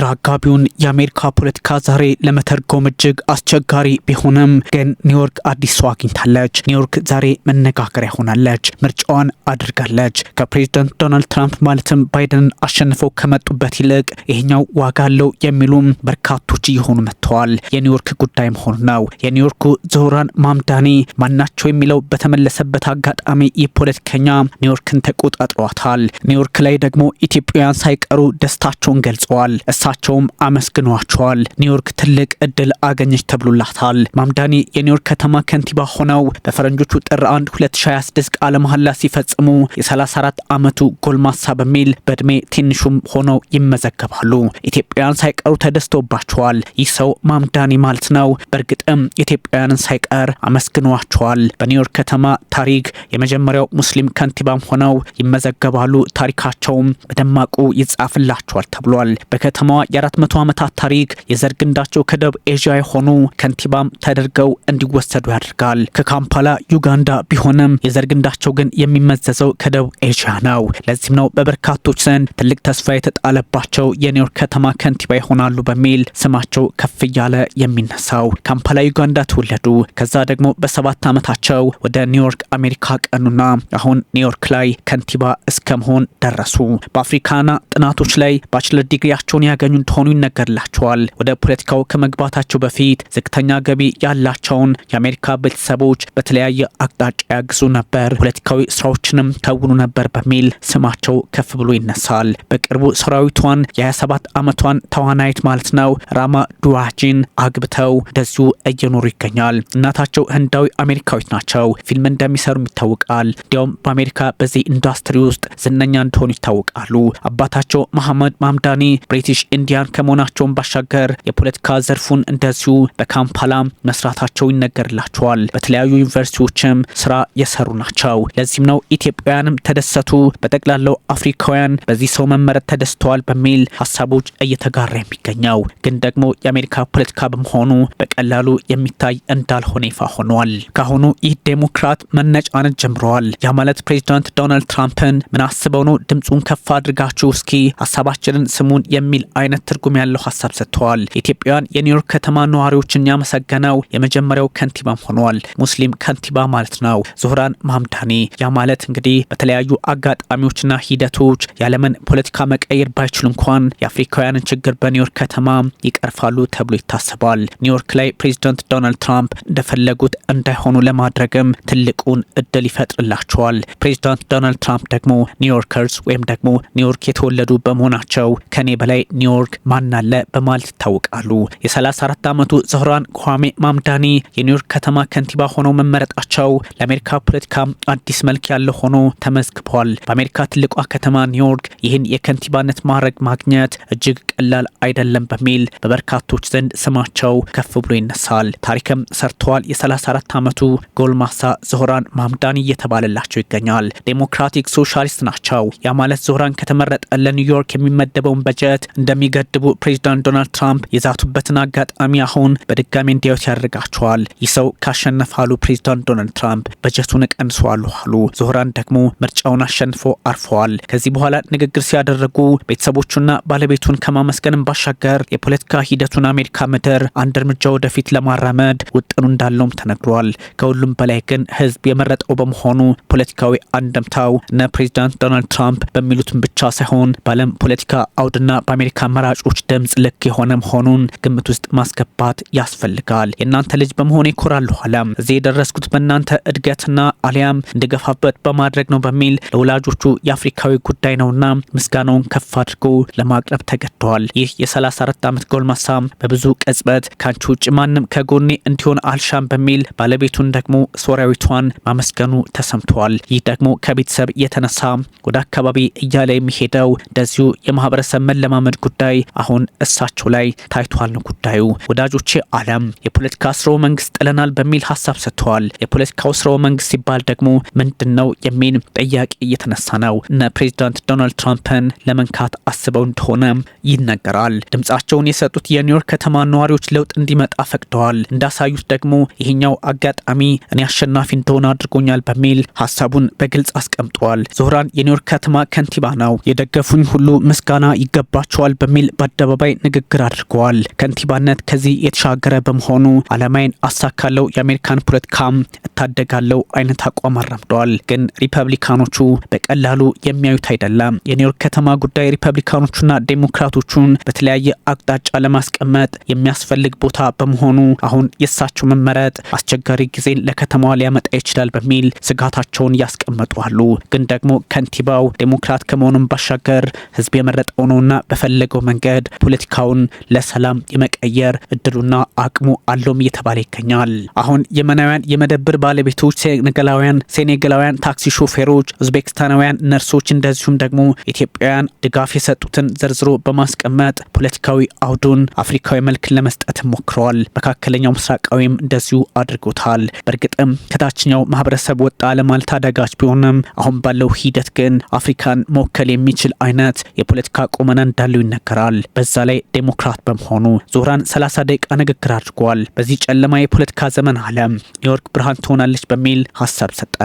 ግራ አጋቢውን የአሜሪካ ፖለቲካ ዛሬ ለመተርጎም እጅግ አስቸጋሪ ቢሆንም ግን ኒውዮርክ አዲስ ሰው አግኝታለች። ኒውዮርክ ዛሬ መነጋገሪያ ሆናለች። ምርጫዋን አድርጋለች። ከፕሬዚደንት ዶናልድ ትራምፕ ማለትም ባይደንን አሸንፈው ከመጡበት ይልቅ ይሄኛው ዋጋ አለው የሚሉም በርካቶች እየሆኑ መጥተዋል። የኒውዮርክ ጉዳይ መሆኑ ነው። የኒውዮርኩ ዞህራን ማምዳኒ ማናቸው የሚለው በተመለሰበት አጋጣሚ የፖለቲከኛ ኒውዮርክን ተቆጣጥሯታል። ኒውዮርክ ላይ ደግሞ ኢትዮጵያውያን ሳይቀሩ ደስታቸውን ገልጸዋል። እሳቸውም አመስግኗቸዋል። ኒውዮርክ ትልቅ እድል አገኘች ተብሎላታል። ማምዳኒ የኒውዮርክ ከተማ ከንቲባ ሆነው በፈረንጆቹ ጥር 1 2026 ቃለ መሐላ ሲፈጽሙ የ34 ዓመቱ ጎልማሳ በሚል በእድሜ ትንሹም ሆነው ይመዘገባሉ። ኢትዮጵያውያን ሳይቀሩ ተደስተውባቸዋል። ይህ ሰው ማምዳኒ ማለት ነው። በእርግጥም ኢትዮጵያውያንን ሳይቀር አመስግኗቸዋል። በኒውዮርክ ከተማ ታሪክ የመጀመሪያው ሙስሊም ከንቲባም ሆነው ይመዘገባሉ። ታሪካቸውም በደማቁ ይጻፍላቸዋል ተብሏል። በከተማዋ የ400 ዓመታት ታሪክ የዘር ግንዳቸው ከደቡብ ኤዥያ የሆኑ ከንቲባም ተደርገው እንዲወሰዱ ያደርጋል። ከካምፓላ ዩጋንዳ ቢሆንም የዘር ግንዳቸው ግን የሚመዘዘው ከደቡብ ኤዥያ ነው። ለዚህም ነው በበርካቶች ዘንድ ትልቅ ተስፋ የተጣለባቸው የኒውዮርክ ከተማ ከንቲባ ይሆናሉ በሚል ስማቸው ከፍ እያለ የሚነሳው። ካምፓላ ዩጋንዳ ተወለዱ። ከዛ ደግሞ በሰባት ዓመታቸው ወደ ኒውዮርክ አሜሪካ ቀኑና አሁን ኒውዮርክ ላይ ከንቲባ እስከ መሆን ደረሱ። በአፍሪካና ጥናቶች ላይ ባችለር ዲግሪያቸውን ያገኙ ፈቃደኞች እንደሆኑ ይነገርላቸዋል። ወደ ፖለቲካው ከመግባታቸው በፊት ዝቅተኛ ገቢ ያላቸውን የአሜሪካ ቤተሰቦች በተለያየ አቅጣጫ ያግዙ ነበር፣ ፖለቲካዊ ስራዎችንም ከውኑ ነበር በሚል ስማቸው ከፍ ብሎ ይነሳል። በቅርቡ ሰራዊቷን የ27 ዓመቷን ተዋናይት ማለት ነው ራማ ዱዋጂን አግብተው እንደዚሁ እየኖሩ ይገኛል። እናታቸው ህንዳዊ አሜሪካዊት ናቸው። ፊልም እንደሚሰሩም ይታወቃል። እንዲያውም በአሜሪካ በዚህ ኢንዱስትሪ ውስጥ ዝነኛ እንደሆኑ ይታወቃሉ። አባታቸው መሐመድ ማምዳኒ ብሪቲሽ ኢንዲያን ከመሆናቸውን ባሻገር የፖለቲካ ዘርፉን እንደዚሁ በካምፓላ መስራታቸው ይነገርላቸዋል። በተለያዩ ዩኒቨርሲቲዎችም ስራ የሰሩ ናቸው። ለዚህም ነው ኢትዮጵያውያንም ተደሰቱ፣ በጠቅላላው አፍሪካውያን በዚህ ሰው መመረጥ ተደስተዋል በሚል ሀሳቦች እየተጋራ የሚገኘው ግን ደግሞ የአሜሪካ ፖለቲካ በመሆኑ በቀላሉ የሚታይ እንዳልሆነ ይፋ ሆኗል። ካሁኑ ይህ ዴሞክራት መነጫነት ጀምረዋል። ያ ማለት ፕሬዚዳንት ዶናልድ ትራምፕን ምን አስበው ነው ድምፁን ከፍ አድርጋችሁ እስኪ ሀሳባችንን ስሙን የሚል አይነት ትርጉም ያለው ሀሳብ ሰጥተዋል። ኢትዮጵያውያን የኒውዮርክ ከተማ ነዋሪዎችን ያመሰገነው የመጀመሪያው ከንቲባም ሆኗል። ሙስሊም ከንቲባ ማለት ነው። ዙህራን ማምዳኒ። ያ ማለት እንግዲህ በተለያዩ አጋጣሚዎችና ሂደቶች የዓለምን ፖለቲካ መቀየር ባይችሉ እንኳን የአፍሪካውያንን ችግር በኒውዮርክ ከተማ ይቀርፋሉ ተብሎ ይታሰባል። ኒውዮርክ ላይ ፕሬዚደንት ዶናልድ ትራምፕ እንደፈለጉት እንዳይሆኑ ለማድረግም ትልቁን እድል ይፈጥርላቸዋል። ፕሬዚዳንት ዶናልድ ትራምፕ ደግሞ ኒውዮርከርስ ወይም ደግሞ ኒውዮርክ የተወለዱ በመሆናቸው ከኔ በላይ ኒው ኒውዮርክ ማናለ በማለት ይታወቃሉ። የ34 ዓመቱ ዘህራን ኳሜ ማምዳኒ የኒውዮርክ ከተማ ከንቲባ ሆነው መመረጣቸው ለአሜሪካ ፖለቲካም አዲስ መልክ ያለ ሆኖ ተመዝግቧል። በአሜሪካ ትልቋ ከተማ ኒውዮርክ ይህን የከንቲባነት ማዕረግ ማግኘት እጅግ ቀላል አይደለም በሚል በበርካቶች ዘንድ ስማቸው ከፍ ብሎ ይነሳል። ታሪክም ሰርተዋል። የ34 ዓመቱ ጎልማሳ ዞህራን ማምዳኒ እየተባለላቸው ይገኛል። ዴሞክራቲክ ሶሻሊስት ናቸው። ያ ማለት ዞህራን ከተመረጠ ለኒውዮርክ የሚመደበውን በጀት እንደሚገድቡ ፕሬዚዳንት ዶናልድ ትራምፕ የዛቱበትን አጋጣሚ አሁን በድጋሚ እንዲያዩት ያደርጋቸዋል። ይህ ሰው ካሸነፋሉ ፕሬዚዳንት ዶናልድ ትራምፕ በጀቱን እቀንሰዋለሁ አሉ። ዞህራን ደግሞ ምርጫውን አሸንፎ አርፈዋል። ከዚህ በኋላ ንግግር ሲያደረጉ ቤተሰቦቹና ባለቤቱን ከማመ ከማመስገንም ባሻገር የፖለቲካ ሂደቱን አሜሪካ ምድር አንድ እርምጃ ወደፊት ለማራመድ ውጥኑ እንዳለውም ተነግሯል። ከሁሉም በላይ ግን ህዝብ የመረጠው በመሆኑ ፖለቲካዊ አንደምታው እነ ፕሬዚዳንት ዶናልድ ትራምፕ በሚሉትም ብቻ ሳይሆን በዓለም ፖለቲካ አውድና በአሜሪካ መራጮች ድምፅ ልክ የሆነ መሆኑን ግምት ውስጥ ማስገባት ያስፈልጋል። የእናንተ ልጅ በመሆኔ እኮራለሁ ኋላም እዚህ የደረስኩት በእናንተ እድገትና አሊያም እንድገፋበት በማድረግ ነው በሚል ለወላጆቹ የአፍሪካዊ ጉዳይ ነውና ምስጋናውን ከፍ አድርጎ ለማቅረብ ተገድደዋል። ተናግረዋል። ይህ የ34 ዓመት ጎልማሳም በብዙ ቅጽበት ከአንቺ ውጭ ማንም ከጎኔ እንዲሆን አልሻም በሚል ባለቤቱን ደግሞ ሶሪያዊቷን ማመስገኑ ተሰምቷል። ይህ ደግሞ ከቤተሰብ የተነሳ ወደ አካባቢ እያለ የሚሄደው እንደዚሁ የማህበረሰብ መለማመድ ጉዳይ አሁን እሳቸው ላይ ታይቷል ነው ጉዳዩ። ወዳጆቼ አለም የፖለቲካ ስርወ መንግስት ጥለናል በሚል ሀሳብ ሰጥተዋል። የፖለቲካው ስርወ መንግስት ሲባል ደግሞ ምንድን ነው የሚል ጥያቄ እየተነሳ ነው። እነ ፕሬዚዳንት ዶናልድ ትራምፕን ለመንካት አስበው እንደሆነ ይ ይነገራል። ድምጻቸውን የሰጡት የኒውዮርክ ከተማ ነዋሪዎች ለውጥ እንዲመጣ ፈቅደዋል። እንዳሳዩት ደግሞ ይሄኛው አጋጣሚ እኔ አሸናፊ እንደሆነ አድርጎኛል በሚል ሀሳቡን በግልጽ አስቀምጠዋል። ዞህራን የኒውዮርክ ከተማ ከንቲባ ነው፣ የደገፉኝ ሁሉ ምስጋና ይገባቸዋል በሚል በአደባባይ ንግግር አድርገዋል። ከንቲባነት ከዚህ የተሻገረ በመሆኑ አለማይን አሳካለው፣ የአሜሪካን ፖለቲካም እታደጋለው አይነት አቋም አራምደዋል። ግን ሪፐብሊካኖቹ በቀላሉ የሚያዩት አይደለም። የኒውዮርክ ከተማ ጉዳይ ሪፐብሊካኖቹና ዴሞክራቶቹ ሀሳቦቹን በተለያየ አቅጣጫ ለማስቀመጥ የሚያስፈልግ ቦታ በመሆኑ አሁን የእሳቸው መመረጥ አስቸጋሪ ጊዜን ለከተማዋ ሊያመጣ ይችላል በሚል ስጋታቸውን ያስቀመጡ አሉ። ግን ደግሞ ከንቲባው ዴሞክራት ከመሆኑም ባሻገር ህዝብ የመረጠው ነውና በፈለገው መንገድ ፖለቲካውን ለሰላም የመቀየር እድሉና አቅሙ አለውም እየተባለ ይገኛል። አሁን የመናውያን የመደብር ባለቤቶች፣ ሴኔጋላውያን ሴኔጋላውያን ታክሲ ሾፌሮች፣ ኡዝቤክስታናውያን ነርሶች እንደዚሁም ደግሞ ኢትዮጵያውያን ድጋፍ የሰጡትን ዘርዝሮ በማስ በማስቀመጥ ፖለቲካዊ አውዱን አፍሪካዊ መልክን ለመስጠት ሞክረዋል። መካከለኛው ምስራቃዊም እንደዚሁ አድርጎታል። በእርግጥም ከታችኛው ማህበረሰብ ወጣ ለማለት አዳጋች ቢሆንም አሁን ባለው ሂደት ግን አፍሪካን መወከል የሚችል አይነት የፖለቲካ ቁመና እንዳለው ይነገራል። በዛ ላይ ዴሞክራት በመሆኑ ዞህራን ሰላሳ ደቂቃ ንግግር አድርጓል። በዚህ ጨለማ የፖለቲካ ዘመን አለም ኒውዮርክ ብርሃን ትሆናለች በሚል ሀሳብ ሰጠ።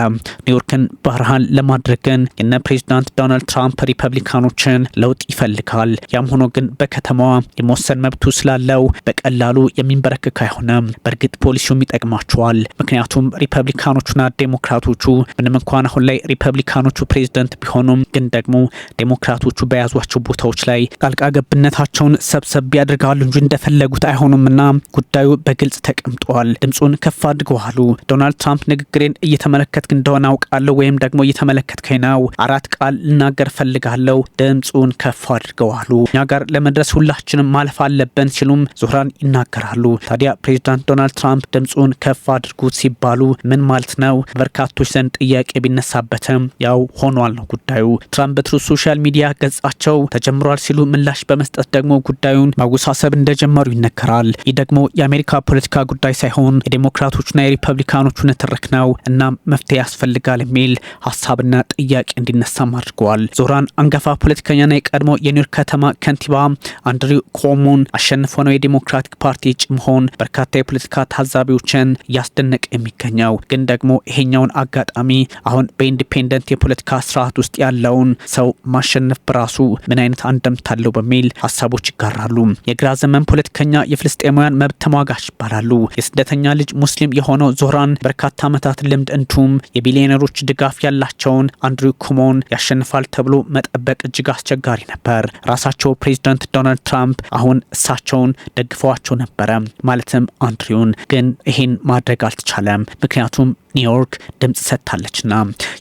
ኒውዮርክን ብርሃን ለማድረግን የነ ፕሬዚዳንት ዶናልድ ትራምፕ ሪፐብሊካኖችን ለውጥ ይፈልጋል። ያም ሆኖ ሆኖ ግን በከተማዋ የመወሰን መብቱ ስላለው በቀላሉ የሚንበረክክ አይሆንም። በእርግጥ ፖሊሲውም ይጠቅማቸዋል። ምክንያቱም ሪፐብሊካኖቹና ዴሞክራቶቹ ምንም እንኳን አሁን ላይ ሪፐብሊካኖቹ ፕሬዚደንት ቢሆኑም ግን ደግሞ ዴሞክራቶቹ በያዟቸው ቦታዎች ላይ ጣልቃ ገብነታቸውን ሰብሰብ ያደርጋሉ እንጂ እንደፈለጉት አይሆኑምና ጉዳዩ በግልጽ ተቀምጧል። ድምፁን ከፍ አድርገዋሉ። ዶናልድ ትራምፕ ንግግሬን እየተመለከትክ እንደሆነ አውቃለሁ ወይም ደግሞ እየተመለከትከኝ ነው። አራት ቃል ልናገር ፈልጋለሁ። ድምፁን ከፍ አድርገዋሉ። እኛ ጋር ለመድረስ ሁላችንም ማለፍ አለብን ሲሉም ዙህራን ይናገራሉ። ታዲያ ፕሬዚዳንት ዶናልድ ትራምፕ ድምፁን ከፍ አድርጉት ሲባሉ ምን ማለት ነው? በርካቶች ዘንድ ጥያቄ ቢነሳበትም ያው ሆኗል ነው ጉዳዩ። ትራምፕ በትሩ ሶሻል ሚዲያ ገጻቸው ተጀምሯል ሲሉ ምላሽ በመስጠት ደግሞ ጉዳዩን ማወሳሰብ እንደጀመሩ ይነገራል። ይህ ደግሞ የአሜሪካ ፖለቲካ ጉዳይ ሳይሆን የዴሞክራቶችና የሪፐብሊካኖቹ ንትርክ ነው። እና መፍትሄ ያስፈልጋል የሚል ሀሳብና ጥያቄ እንዲነሳም አድርገዋል። ዞህራን አንጋፋ ፖለቲከኛና የቀድሞ የኒውዮርክ ከተማ ከንቲ ከንቲባ አንድሪው ኮሞን አሸንፎ ነው የዲሞክራቲክ ፓርቲ እጩ መሆን በርካታ የፖለቲካ ታዛቢዎችን እያስደነቀ የሚገኘው ግን ደግሞ ይሄኛውን አጋጣሚ አሁን በኢንዲፔንደንት የፖለቲካ ስርዓት ውስጥ ያለውን ሰው ማሸነፍ በራሱ ምን አይነት አንደምታ አለው በሚል ሀሳቦች ይጋራሉ። የግራ ዘመን ፖለቲከኛ የፍልስጤማውያን መብት ተሟጋች ይባላሉ። የስደተኛ ልጅ ሙስሊም የሆነው ዞህራን በርካታ ዓመታት ልምድ እንዲሁም የቢሊዮነሮች ድጋፍ ያላቸውን አንድሪው ኮሞን ያሸንፋል ተብሎ መጠበቅ እጅግ አስቸጋሪ ነበር። ራሳቸው ፕሬ ፕሬዚዳንት ዶናልድ ትራምፕ አሁን እሳቸውን ደግፈዋቸው ነበረ፣ ማለትም አንድሪውን። ግን ይህን ማድረግ አልተቻለም፣ ምክንያቱም ኒውዮርክ ድምፅ ሰጥታለችና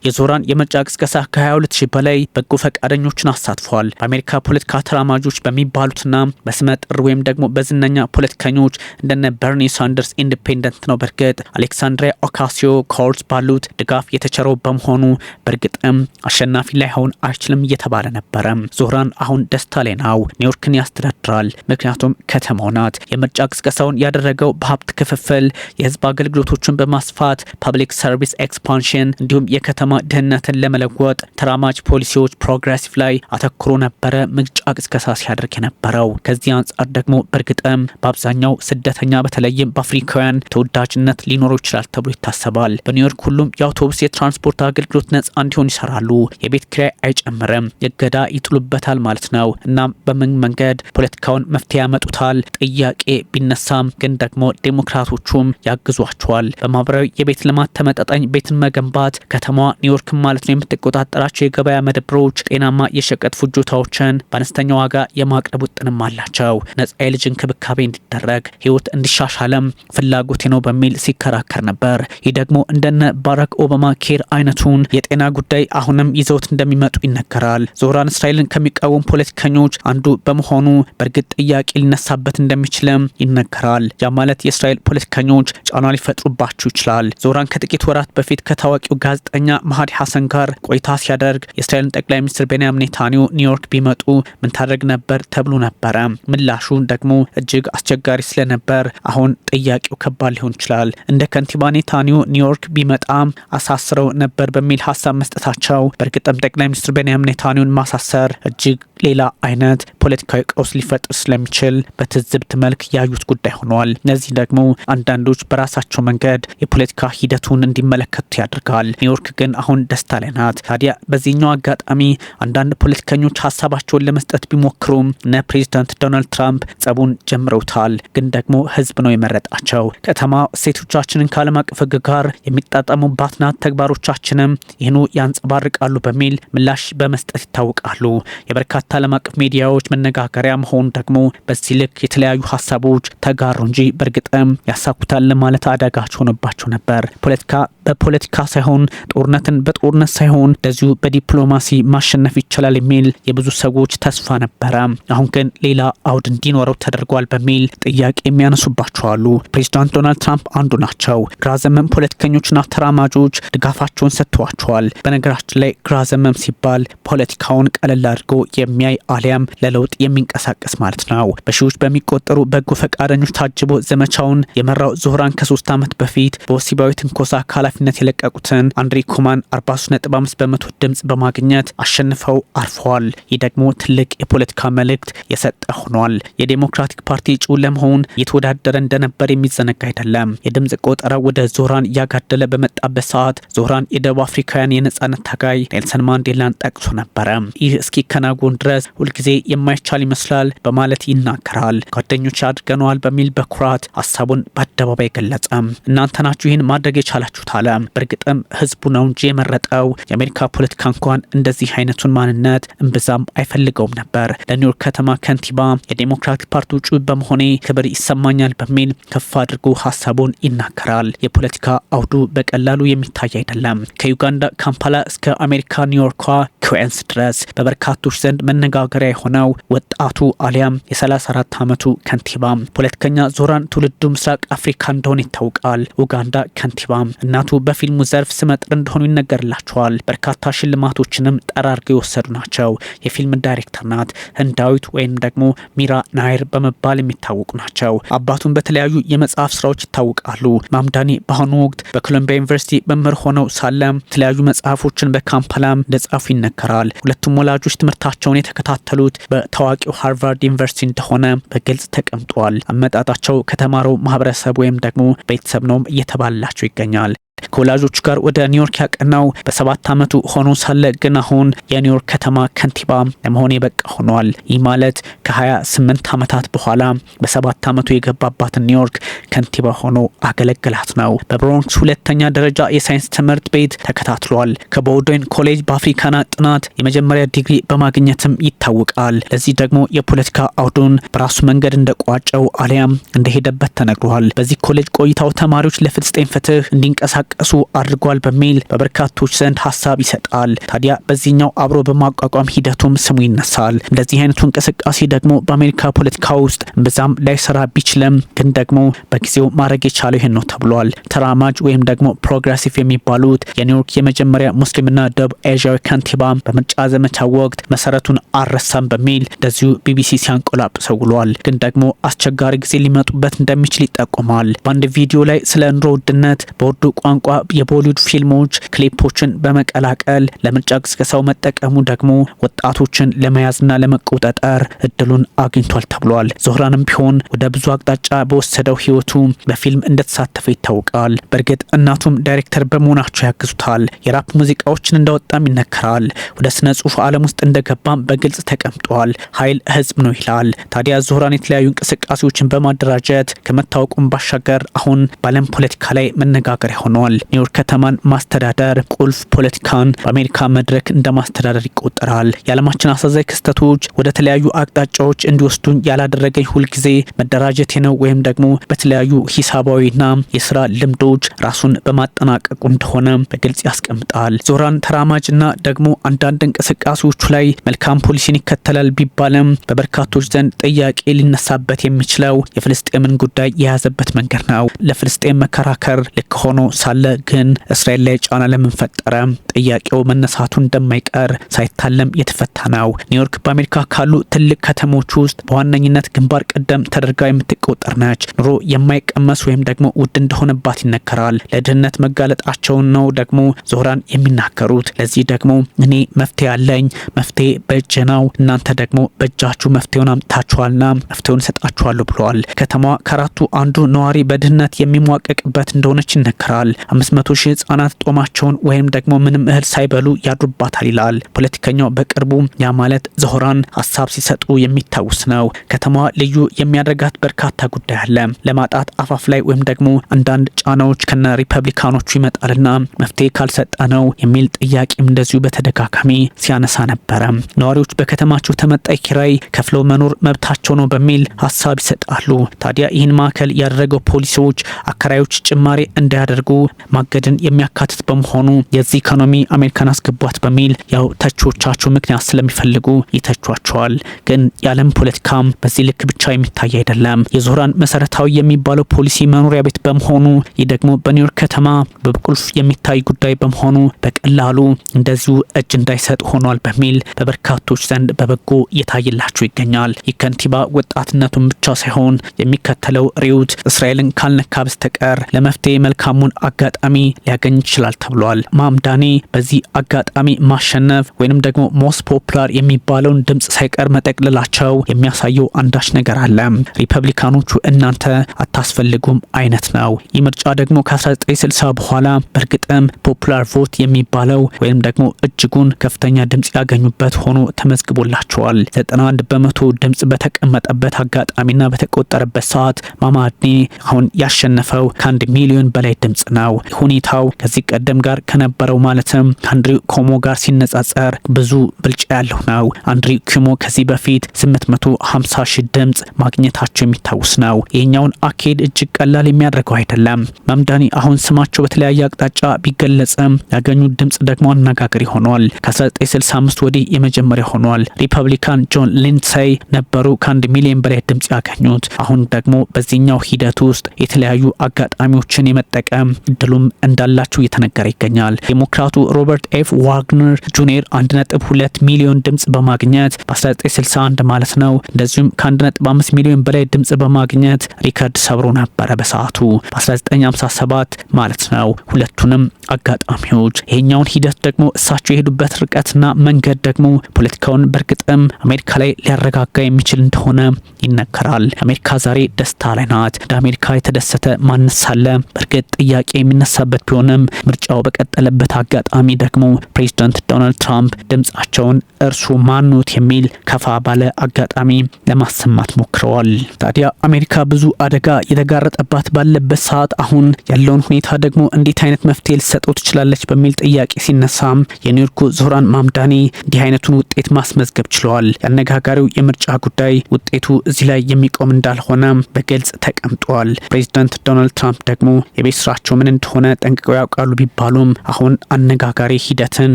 የዞራን የምርጫ ቅስቀሳ ከ22 ሺህ በላይ በጎ ፈቃደኞችን አሳትፏል። በአሜሪካ ፖለቲካ ተራማጆች በሚባሉትና በስመ ጥር ወይም ደግሞ በዝነኛ ፖለቲከኞች እንደነ በርኒ ሳንደርስ ኢንዲፔንደንት ነው። በእርግጥ አሌክሳንድሪያ ኦካሲዮ ኮርት ባሉት ድጋፍ የተቸረው በመሆኑ በእርግጥም አሸናፊ ላይሆን አይችልም እየተባለ ነበረ። ዞራን አሁን ደስታ ላይ ነው። ኒውዮርክን ያስተዳድራል፣ ምክንያቱም ከተማው ናት። የምርጫ ቅስቀሳውን ያደረገው በሀብት ክፍፍል፣ የህዝብ አገልግሎቶችን በማስፋት ፐብሊክ ፐብሊክ ሰርቪስ ኤክስፓንሽን እንዲሁም የከተማ ድህነትን ለመለወጥ ተራማጅ ፖሊሲዎች ፕሮግሬሲቭ ላይ አተኩሮ ነበረ ምርጫ ቅስቀሳ ሲያደርግ የነበረው። ከዚህ አንጻር ደግሞ በእርግጥም በአብዛኛው ስደተኛ በተለይም በአፍሪካውያን ተወዳጅነት ሊኖረው ይችላል ተብሎ ይታሰባል። በኒውዮርክ ሁሉም የአውቶቡስ የትራንስፖርት አገልግሎት ነጻ እንዲሆን ይሰራሉ። የቤት ኪራይ አይጨምርም፣ እገዳ ይጥሉበታል ማለት ነው። እናም በምን መንገድ ፖለቲካውን መፍትሄ ያመጡታል ጥያቄ ቢነሳም ግን ደግሞ ዴሞክራቶቹም ያግዟቸዋል። በማህበራዊ የቤት ልማት ተመጣጣኝ ቤትን መገንባት ከተማዋ ኒውዮርክን ማለት ነው የምትቆጣጠራቸው የገበያ መደብሮች ጤናማ የሸቀጥ ፍጆታዎችን በአነስተኛ ዋጋ የማቅረብ ውጥንም አላቸው። ነጻ የልጅ እንክብካቤ እንዲደረግ ህይወት እንዲሻሻለም ፍላጎቴ ነው በሚል ሲከራከር ነበር። ይህ ደግሞ እንደነ ባራክ ኦባማ ኬር አይነቱን የጤና ጉዳይ አሁንም ይዘውት እንደሚመጡ ይነገራል። ዞራን እስራኤልን ከሚቃወሙ ፖለቲከኞች አንዱ በመሆኑ በእርግጥ ጥያቄ ሊነሳበት እንደሚችልም ይነገራል። ያ ማለት የእስራኤል ፖለቲከኞች ጫና ሊፈጥሩባቸው ይችላል። ዞራን ከጥቂት ወራት በፊት ከታዋቂው ጋዜጠኛ መሀዲ ሐሰን ጋር ቆይታ ሲያደርግ የእስራኤልን ጠቅላይ ሚኒስትር ቤንያም ኔታንያሁ ኒውዮርክ ቢመጡ ምን ታደርግ ነበር ተብሎ ነበረ። ምላሹ ደግሞ እጅግ አስቸጋሪ ስለነበር አሁን ጥያቄው ከባድ ሊሆን ይችላል። እንደ ከንቲባ ኔታንያሁ ኒውዮርክ ቢመጣም አሳስረው ነበር በሚል ሀሳብ መስጠታቸው፣ በእርግጥም ጠቅላይ ሚኒስትር ቤንያም ኔታንያሁን ማሳሰር እጅግ ሌላ አይነት ፖለቲካዊ ቀውስ ሊፈጥር ስለሚችል በትዝብት መልክ ያዩት ጉዳይ ሆኗል። እነዚህ ደግሞ አንዳንዶች በራሳቸው መንገድ የፖለቲካ ሂደቱን እንዲመለከቱ ያደርጋል። ኒውዮርክ ግን አሁን ደስታ ላይ ናት። ታዲያ በዚህኛው አጋጣሚ አንዳንድ ፖለቲከኞች ሀሳባቸውን ለመስጠት ቢሞክሩም እነ ፕሬዚዳንት ዶናልድ ትራምፕ ጸቡን ጀምረውታል። ግን ደግሞ ህዝብ ነው የመረጣቸው። ከተማ እሴቶቻችንን ከዓለም አቀፍ ህግ ጋር የሚጣጠሙባት ናት፣ ተግባሮቻችንም ይህኑ ያንጸባርቃሉ በሚል ምላሽ በመስጠት ይታወቃሉ። የበርካ በርካታ ዓለም አቀፍ ሚዲያዎች መነጋገሪያ መሆኑ ደግሞ በዚህ ልክ የተለያዩ ሀሳቦች ተጋሩ እንጂ በእርግጥም ያሳኩታል ለማለት አዳጋች ሆነባቸው ነበር። ፖለቲካ በፖለቲካ ሳይሆን ጦርነትን በጦርነት ሳይሆን እንደዚሁ በዲፕሎማሲ ማሸነፍ ይቻላል የሚል የብዙ ሰዎች ተስፋ ነበረ። አሁን ግን ሌላ አውድ እንዲኖረው ተደርጓል በሚል ጥያቄ የሚያነሱባቸው አሉ። ፕሬዚዳንት ዶናልድ ትራምፕ አንዱ ናቸው። ግራ ዘመም ፖለቲከኞችና ተራማጆች ድጋፋቸውን ሰጥተዋቸዋል። በነገራችን ላይ ግራ ዘመም ሲባል ፖለቲካውን ቀለል አድርጎ የሚ የሚያይ አሊያም ለለውጥ የሚንቀሳቀስ ማለት ነው። በሺዎች በሚቆጠሩ በጎ ፈቃደኞች ታጅቦ ዘመቻውን የመራው ዞህራን ከሶስት ዓመት በፊት በወሲባዊ ትንኮሳ ከኃላፊነት የለቀቁትን አንድሪ ኩማን 43.5 በመቶ ድምፅ በማግኘት አሸንፈው አርፈዋል። ይህ ደግሞ ትልቅ የፖለቲካ መልእክት የሰጠ ሆኗል። የዴሞክራቲክ ፓርቲ እጩ ለመሆን እየተወዳደረ እንደነበር የሚዘነጋ አይደለም። የድምፅ ቆጠራ ወደ ዞህራን እያጋደለ በመጣበት ሰዓት ዞህራን የደቡብ አፍሪካውያን የነጻነት ታጋይ ኔልሰን ማንዴላን ጠቅሶ ነበረ። ይህ እስኪከናወን መድረስ ሁልጊዜ የማይቻል ይመስላል በማለት ይናገራል። ጓደኞች አድርገነዋል በሚል በኩራት ሀሳቡን በአደባባይ ገለጸም። እናንተ ናችሁ ይህን ማድረግ የቻላችሁት አለ። በእርግጥም ህዝቡ ነው እንጂ የመረጠው የአሜሪካ ፖለቲካ እንኳን እንደዚህ አይነቱን ማንነት እምብዛም አይፈልገውም ነበር። ለኒውዮርክ ከተማ ከንቲባ የዴሞክራቲክ ፓርቲ ውጭ በመሆኔ ክብር ይሰማኛል በሚል ከፍ አድርጎ ሀሳቡን ይናገራል። የፖለቲካ አውዱ በቀላሉ የሚታይ አይደለም። ከዩጋንዳ ካምፓላ እስከ አሜሪካ ኒውዮርኳ ኩዌንስ ድረስ በበርካቶች ዘንድ መነጋገሪያ የሆነው ወጣቱ አሊያም የ34 ዓመቱ ከንቲባ ፖለቲከኛ ዞራን ትውልዱ ምስራቅ አፍሪካ እንደሆነ ይታወቃል። ኡጋንዳ ከንቲባ እናቱ በፊልሙ ዘርፍ ስመጥር እንደሆኑ ይነገርላቸዋል። በርካታ ሽልማቶችንም ጠራርገው የወሰዱ ናቸው። የፊልም ዳይሬክተር ናት። ህንዳዊት ወይም ደግሞ ሚራ ናይር በመባል የሚታወቁ ናቸው። አባቱን በተለያዩ የመጽሐፍ ስራዎች ይታወቃሉ። ማምዳኔ በአሁኑ ወቅት በኮሎምቢያ ዩኒቨርሲቲ መምህር ሆነው ሳለም የተለያዩ መጽሐፎችን በካምፓላም እንደጻፉ ይነገራል። ሁለቱም ወላጆች ትምህርታቸውን የተከታተሉት በታዋቂው ሃርቫርድ ዩኒቨርሲቲ እንደሆነ በግልጽ ተቀምጧል። አመጣጣቸው ከተማረው ማህበረሰብ ወይም ደግሞ ቤተሰብ ነውም እየተባላቸው ይገኛል። ከወላጆቹ ጋር ወደ ኒውዮርክ ያቀናው በሰባት ዓመቱ ሆኖ ሳለ ግን አሁን የኒውዮርክ ከተማ ከንቲባ ለመሆን የበቃ ሆኗል። ይህ ማለት ከ28 ዓመታት በኋላ በሰባት ዓመቱ የገባባትን ኒውዮርክ ከንቲባ ሆኖ አገለግላት ነው። በብሮንክስ ሁለተኛ ደረጃ የሳይንስ ትምህርት ቤት ተከታትሏል። ከቦርዶን ኮሌጅ በአፍሪካና ጥናት የመጀመሪያ ዲግሪ በማግኘትም ይታወቃል። ለዚህ ደግሞ የፖለቲካ አውዱን በራሱ መንገድ እንደቋጨው አሊያም እንደሄደበት ተነግሯል። በዚህ ኮሌጅ ቆይታው ተማሪዎች ለፍልስጤን ፍትህ እንዲንቀሳቀ እንዲንቀሳቀሱ አድርጓል በሚል በበርካቶች ዘንድ ሀሳብ ይሰጣል። ታዲያ በዚህኛው አብሮ በማቋቋም ሂደቱም ስሙ ይነሳል። እንደዚህ አይነቱ እንቅስቃሴ ደግሞ በአሜሪካ ፖለቲካ ውስጥ ብዛም ላይሰራ ቢችልም ግን ደግሞ በጊዜው ማድረግ የቻለው ይህን ነው ተብሏል። ተራማጅ ወይም ደግሞ ፕሮግረሲቭ የሚባሉት የኒውዮርክ የመጀመሪያ ሙስሊምና ደቡብ ኤዥያዊ ከንቲባ በምርጫ ዘመቻ ወቅት መሰረቱን አረሳም በሚል እንደዚሁ ቢቢሲ ሲያንቆላጵሰው ውሏል። ግን ደግሞ አስቸጋሪ ጊዜ ሊመጡበት እንደሚችል ይጠቁማል። በአንድ ቪዲዮ ላይ ስለ ኑሮ ውድነት በውርዱ ቋ ቋንቋ የቦሊውድ ፊልሞች ክሊፖችን በመቀላቀል ለምርጫ ቅስቀሳው መጠቀሙ ደግሞ ወጣቶችን ለመያዝና ለመቆጣጠር እድሉን አግኝቷል ተብሏል። ዞህራንም ቢሆን ወደ ብዙ አቅጣጫ በወሰደው ህይወቱ በፊልም እንደተሳተፈ ይታወቃል። በእርግጥ እናቱም ዳይሬክተር በመሆናቸው ያግዙታል። የራፕ ሙዚቃዎችን እንዳወጣም ይነከራል። ወደ ስነ ጽሁፍ ዓለም ውስጥ እንደገባም በግልጽ ተቀምጧል። ኃይል ህዝብ ነው ይላል። ታዲያ ዞህራን የተለያዩ እንቅስቃሴዎችን በማደራጀት ከመታወቁም ባሻገር አሁን በዓለም ፖለቲካ ላይ መነጋገሪያ ሆኗል። ተናግረዋል። ኒውዮርክ ከተማን ማስተዳደር ቁልፍ ፖለቲካን በአሜሪካ መድረክ እንደ ማስተዳደር ይቆጠራል። የዓለማችን አሳዛኝ ክስተቶች ወደ ተለያዩ አቅጣጫዎች እንዲወስዱን ያላደረገኝ ሁልጊዜ መደራጀቴ ነው ወይም ደግሞ በተለያዩ ሂሳባዊና የስራ ልምዶች ራሱን በማጠናቀቁ እንደሆነ በግልጽ ያስቀምጣል። ዞራን ተራማጅና ደግሞ አንዳንድ እንቅስቃሴዎቹ ላይ መልካም ፖሊሲን ይከተላል ቢባልም በበርካቶች ዘንድ ጥያቄ ሊነሳበት የሚችለው የፍልስጤምን ጉዳይ የያዘበት መንገድ ነው። ለፍልስጤም መከራከር ልክ ሆኖ ሳለ ሳለ ግን እስራኤል ላይ ጫና ለምን ፈጠረ? ጥያቄው መነሳቱ እንደማይቀር ሳይታለም የተፈታ ነው። ኒውዮርክ በአሜሪካ ካሉ ትልቅ ከተሞች ውስጥ በዋነኝነት ግንባር ቀደም ተደርጋ የምትቆጠር ነች። ኑሮ የማይቀመስ ወይም ደግሞ ውድ እንደሆነባት ይነገራል። ለድህነት መጋለጣቸውን ነው ደግሞ ዞራን የሚናገሩት። ለዚህ ደግሞ እኔ መፍትሄ አለኝ፣ መፍትሄ በእጅ ነው፣ እናንተ ደግሞ በእጃችሁ መፍትሄውን አምጥታችኋልና መፍትሄውን እሰጣችኋለሁ ብለዋል። ከተማዋ ከአራቱ አንዱ ነዋሪ በድህነት የሚሟቀቅበት እንደሆነች ይነገራል። 500 ሺህ ህጻናት ጦማቸውን ወይም ደግሞ ምንም እህል ሳይበሉ ያድሩባታል ይላል ፖለቲከኛው። በቅርቡ ያ ማለት ዘሆራን ሀሳብ ሲሰጡ የሚታውስ ነው። ከተማዋ ልዩ የሚያደርጋት በርካታ ጉዳይ አለ። ለማጣት አፋፍ ላይ ወይም ደግሞ አንዳንድ ጫናዎች ከነ ሪፐብሊካኖቹ ይመጣልና መፍትሄ ካልሰጠ ነው የሚል ጥያቄም እንደዚሁ በተደጋጋሚ ሲያነሳ ነበረ። ነዋሪዎች በከተማቸው ተመጣይ ኪራይ ከፍለው መኖር መብታቸው ነው በሚል ሀሳብ ይሰጣሉ። ታዲያ ይህን ማዕከል ያደረገው ፖሊሲዎች አከራዮች ጭማሪ እንዳያደርጉ ማገድን የሚያካትት በመሆኑ የዚህ ኢኮኖሚ አሜሪካን አስገቧት በሚል ያው ተቾቻቸው ምክንያት ስለሚፈልጉ ይተቿቸዋል። ግን የዓለም ፖለቲካ በዚህ ልክ ብቻ የሚታይ አይደለም። የዙህራን መሰረታዊ የሚባለው ፖሊሲ መኖሪያ ቤት በመሆኑ ይህ ደግሞ በኒውዮርክ ከተማ በቁልፍ የሚታይ ጉዳይ በመሆኑ በቀላሉ እንደዚሁ እጅ እንዳይሰጥ ሆኗል በሚል በበርካቶች ዘንድ በበጎ እየታየላቸው ይገኛል። ይህ ከንቲባ ወጣትነቱን ብቻ ሳይሆን የሚከተለው ሪዩት እስራኤልን ካልነካ በስተቀር ለመፍትሄ መልካሙን አጋ አጋጣሚ ሊያገኝ ይችላል ተብሏል። ማምዳኒ በዚህ አጋጣሚ ማሸነፍ ወይንም ደግሞ ሞስ ፖፕላር የሚባለውን ድምፅ ሳይቀር መጠቅልላቸው የሚያሳየው አንዳች ነገር አለ። ሪፐብሊካኖቹ እናንተ አታስፈልጉም አይነት ነው። ይህ ምርጫ ደግሞ ከ1960 በኋላ በእርግጥም ፖፕላር ቮት የሚባለው ወይም ደግሞ እጅጉን ከፍተኛ ድምፅ ያገኙበት ሆኖ ተመዝግቦላቸዋል። 91 በመቶ ድምፅ በተቀመጠበት አጋጣሚና በተቆጠረበት ሰዓት ማማድኔ አሁን ያሸነፈው ከአንድ ሚሊዮን በላይ ድምፅ ነው። ነው። ሁኔታው ከዚህ ቀደም ጋር ከነበረው ማለትም ከአንድሪ ኮሞ ጋር ሲነጻጸር ብዙ ብልጫ ያለው ነው። አንድሪው ኮሞ ከዚህ በፊት 850 ሺህ ድምጽ ማግኘታቸው የሚታወስ ነው። ይህኛውን አካሄድ እጅግ ቀላል የሚያደርገው አይደለም። መምዳኒ አሁን ስማቸው በተለያየ አቅጣጫ ቢገለጽም ያገኙት ድምጽ ደግሞ አነጋገሪ ሆኗል። ከ1965 ወዲህ የመጀመሪያ ሆኗል። ሪፐብሊካን ጆን ሊንድሴይ ነበሩ ከአንድ ሚሊዮን በላይ ድምጽ ያገኙት። አሁን ደግሞ በዚህኛው ሂደት ውስጥ የተለያዩ አጋጣሚዎችን የመጠቀም እድሉም እንዳላቸው እየተነገረ ይገኛል። ዴሞክራቱ ሮበርት ኤፍ ዋግነር ጁኒየር 1.2 ሚሊዮን ድምጽ በማግኘት በ1961 ማለት ነው እንደዚሁም ከ1.5 ሚሊዮን በላይ ድምጽ በማግኘት ሪከርድ ሰብሮ ነበረ በሰዓቱ በ1957 ማለት ነው። ሁለቱንም አጋጣሚዎች ይሄኛውን ሂደት ደግሞ እሳቸው የሄዱበት ርቀትና መንገድ ደግሞ ፖለቲካውን በእርግጥም አሜሪካ ላይ ሊያረጋጋ የሚችል እንደሆነ ይነገራል። አሜሪካ ዛሬ ደስታ ላይ ናት። እንደ አሜሪካ የተደሰተ ማንሳለ በእርግጥ ጥያቄ የሚነሳበት ቢሆንም ምርጫው በቀጠለበት አጋጣሚ ደግሞ ፕሬዚዳንት ዶናልድ ትራምፕ ድምጻቸውን እርሱ ማኑት የሚል ከፋ ባለ አጋጣሚ ለማሰማት ሞክረዋል። ታዲያ አሜሪካ ብዙ አደጋ የተጋረጠባት ባለበት ሰዓት አሁን ያለውን ሁኔታ ደግሞ እንዴት አይነት መፍትሄ ልትሰጠው ትችላለች በሚል ጥያቄ ሲነሳም የኒውዮርኩ ዞህራን ማምዳኒ እንዲህ አይነቱን ውጤት ማስመዝገብ ችለዋል። የአነጋጋሪው የምርጫ ጉዳይ ውጤቱ እዚህ ላይ የሚቆም እንዳልሆነ በግልጽ ተቀምጧል። ፕሬዚዳንት ዶናልድ ትራምፕ ደግሞ የቤት ስራቸው ምን እንደሆነ ጠንቅቀው ያውቃሉ ቢባሉም አሁን አነጋጋሪ ሂደትን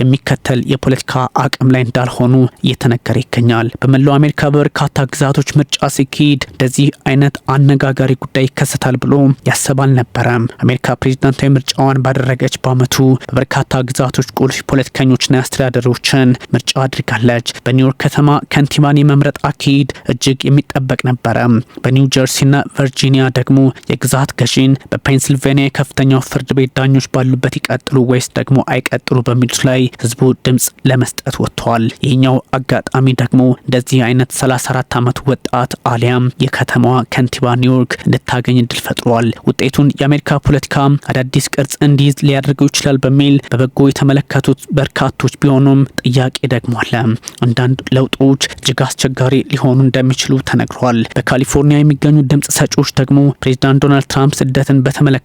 የሚከተል የፖለቲካ አቅም ላይ እንዳልሆኑ እየተነገረ ይገኛል። በመላው አሜሪካ በበርካታ ግዛቶች ምርጫ ሲካሄድ እንደዚህ አይነት አነጋጋሪ ጉዳይ ይከሰታል ብሎ ያሰብ አልነበረም። አሜሪካ ፕሬዚዳንታዊ ምርጫዋን ባደረገች በአመቱ በበርካታ ግዛቶች ቁልፍ ፖለቲከኞችና አስተዳደሮችን ምርጫ አድርጋለች። በኒውዮርክ ከተማ ከንቲባን የመምረጥ አካሄድ እጅግ የሚጠበቅ ነበረ። በኒው ጀርሲና ቨርጂኒያ ደግሞ የግዛት ገዢን፣ በፔንስልቬኒያ የከፍተኛ ከፍተኛው ፍርድ ቤት ዳኞች ባሉበት ይቀጥሉ ወይስ ደግሞ አይቀጥሉ በሚሉት ላይ ህዝቡ ድምጽ ለመስጠት ወጥተዋል። ይህኛው አጋጣሚ ደግሞ እንደዚህ አይነት 34 ዓመት ወጣት አሊያም የከተማዋ ከንቲባ ኒውዮርክ እንድታገኝ እድል ፈጥሯል። ውጤቱን የአሜሪካ ፖለቲካ አዳዲስ ቅርጽ እንዲይዝ ሊያደርገው ይችላል በሚል በበጎ የተመለከቱት በርካቶች ቢሆኑም ጥያቄ ደግሞ አለ። አንዳንድ ለውጦች እጅግ አስቸጋሪ ሊሆኑ እንደሚችሉ ተነግሯል። በካሊፎርኒያ የሚገኙ ድምጽ ሰጪዎች ደግሞ ፕሬዚዳንት ዶናልድ ትራምፕ ስደትን በተመለከተ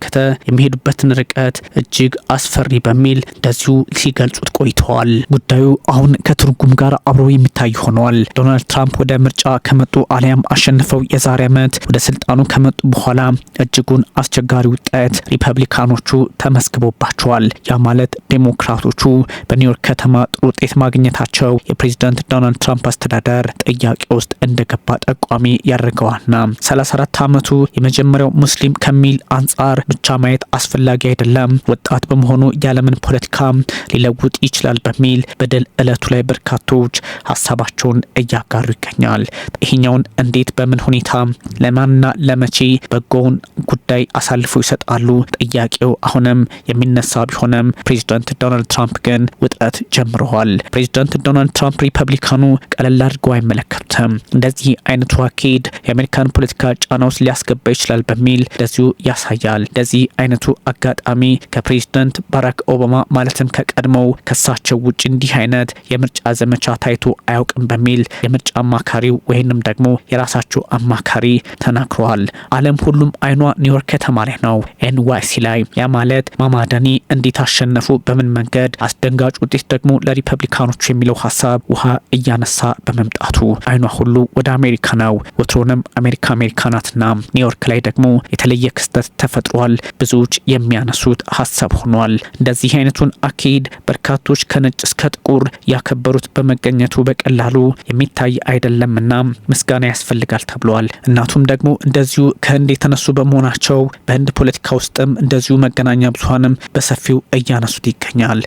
የሚሄዱ የሚሄዱበትን ርቀት እጅግ አስፈሪ በሚል እንደዚሁ ሲገልጹት ቆይተዋል። ጉዳዩ አሁን ከትርጉም ጋር አብሮ የሚታይ ሆኗል። ዶናልድ ትራምፕ ወደ ምርጫ ከመጡ አሊያም አሸንፈው የዛሬ ዓመት ወደ ስልጣኑ ከመጡ በኋላ እጅጉን አስቸጋሪ ውጤት ሪፐብሊካኖቹ ተመስግቦባቸዋል። ያ ማለት ዴሞክራቶቹ በኒውዮርክ ከተማ ጥሩ ውጤት ማግኘታቸው የፕሬዚዳንት ዶናልድ ትራምፕ አስተዳደር ጥያቄ ውስጥ እንደገባ ጠቋሚ ያደርገዋልና 34 ዓመቱ የመጀመሪያው ሙስሊም ከሚል አንጻር ብቻ ማየት አስፈላጊ አይደለም፣ ወጣት በመሆኑ የዓለምን ፖለቲካ ሊለውጥ ይችላል በሚል በድል እለቱ ላይ በርካቶች ሀሳባቸውን እያጋሩ ይገኛል። ይሄኛውን እንዴት በምን ሁኔታ ለማንና ለመቼ በጎውን ጉዳይ አሳልፎ ይሰጣሉ? ጥያቄው አሁንም የሚነሳ ቢሆንም ፕሬዚደንት ዶናልድ ትራምፕ ግን ውጥረት ጀምረዋል። ፕሬዚደንት ዶናልድ ትራምፕ ሪፐብሊካኑ ቀለል አድርገው አይመለከትም፣ እንደዚህ አይነቱ አካሄድ የአሜሪካን ፖለቲካ ጫና ውስጥ ሊያስገባ ይችላል በሚል እንደዚሁ ያሳያል። እንደዚህ አይነቱ አጋጣሚ ከፕሬዝደንት ባራክ ኦባማ ማለትም ከቀድሞው ከሳቸው ውጭ እንዲህ አይነት የምርጫ ዘመቻ ታይቶ አያውቅም በሚል የምርጫ አማካሪው ወይንም ደግሞ የራሳቸው አማካሪ ተናግረዋል። ዓለም ሁሉም አይኗ ኒውዮርክ ከተማ ላይ ነው፣ ኤንዋይሲ ላይ። ያ ማለት ማማደኒ እንዴት አሸነፉ፣ በምን መንገድ፣ አስደንጋጭ ውጤት ደግሞ ለሪፐብሊካኖቹ የሚለው ሀሳብ ውሃ እያነሳ በመምጣቱ አይኗ ሁሉ ወደ አሜሪካ ነው። ወትሮንም አሜሪካ አሜሪካ ናትና ኒውዮርክ ላይ ደግሞ የተለየ ክስተት ተፈጥሯል። ብዙዎች የሚያነሱት ሀሳብ ሆኗል። እንደዚህ አይነቱን አካሄድ በርካቶች ከነጭ እስከ ጥቁር ያከበሩት በመገኘቱ በቀላሉ የሚታይ አይደለምና ምስጋና ያስፈልጋል ተብሏል። እናቱም ደግሞ እንደዚሁ ከህንድ የተነሱ በመሆናቸው በህንድ ፖለቲካ ውስጥም እንደዚሁ መገናኛ ብዙሀንም በሰፊው እያነሱት ይገኛል።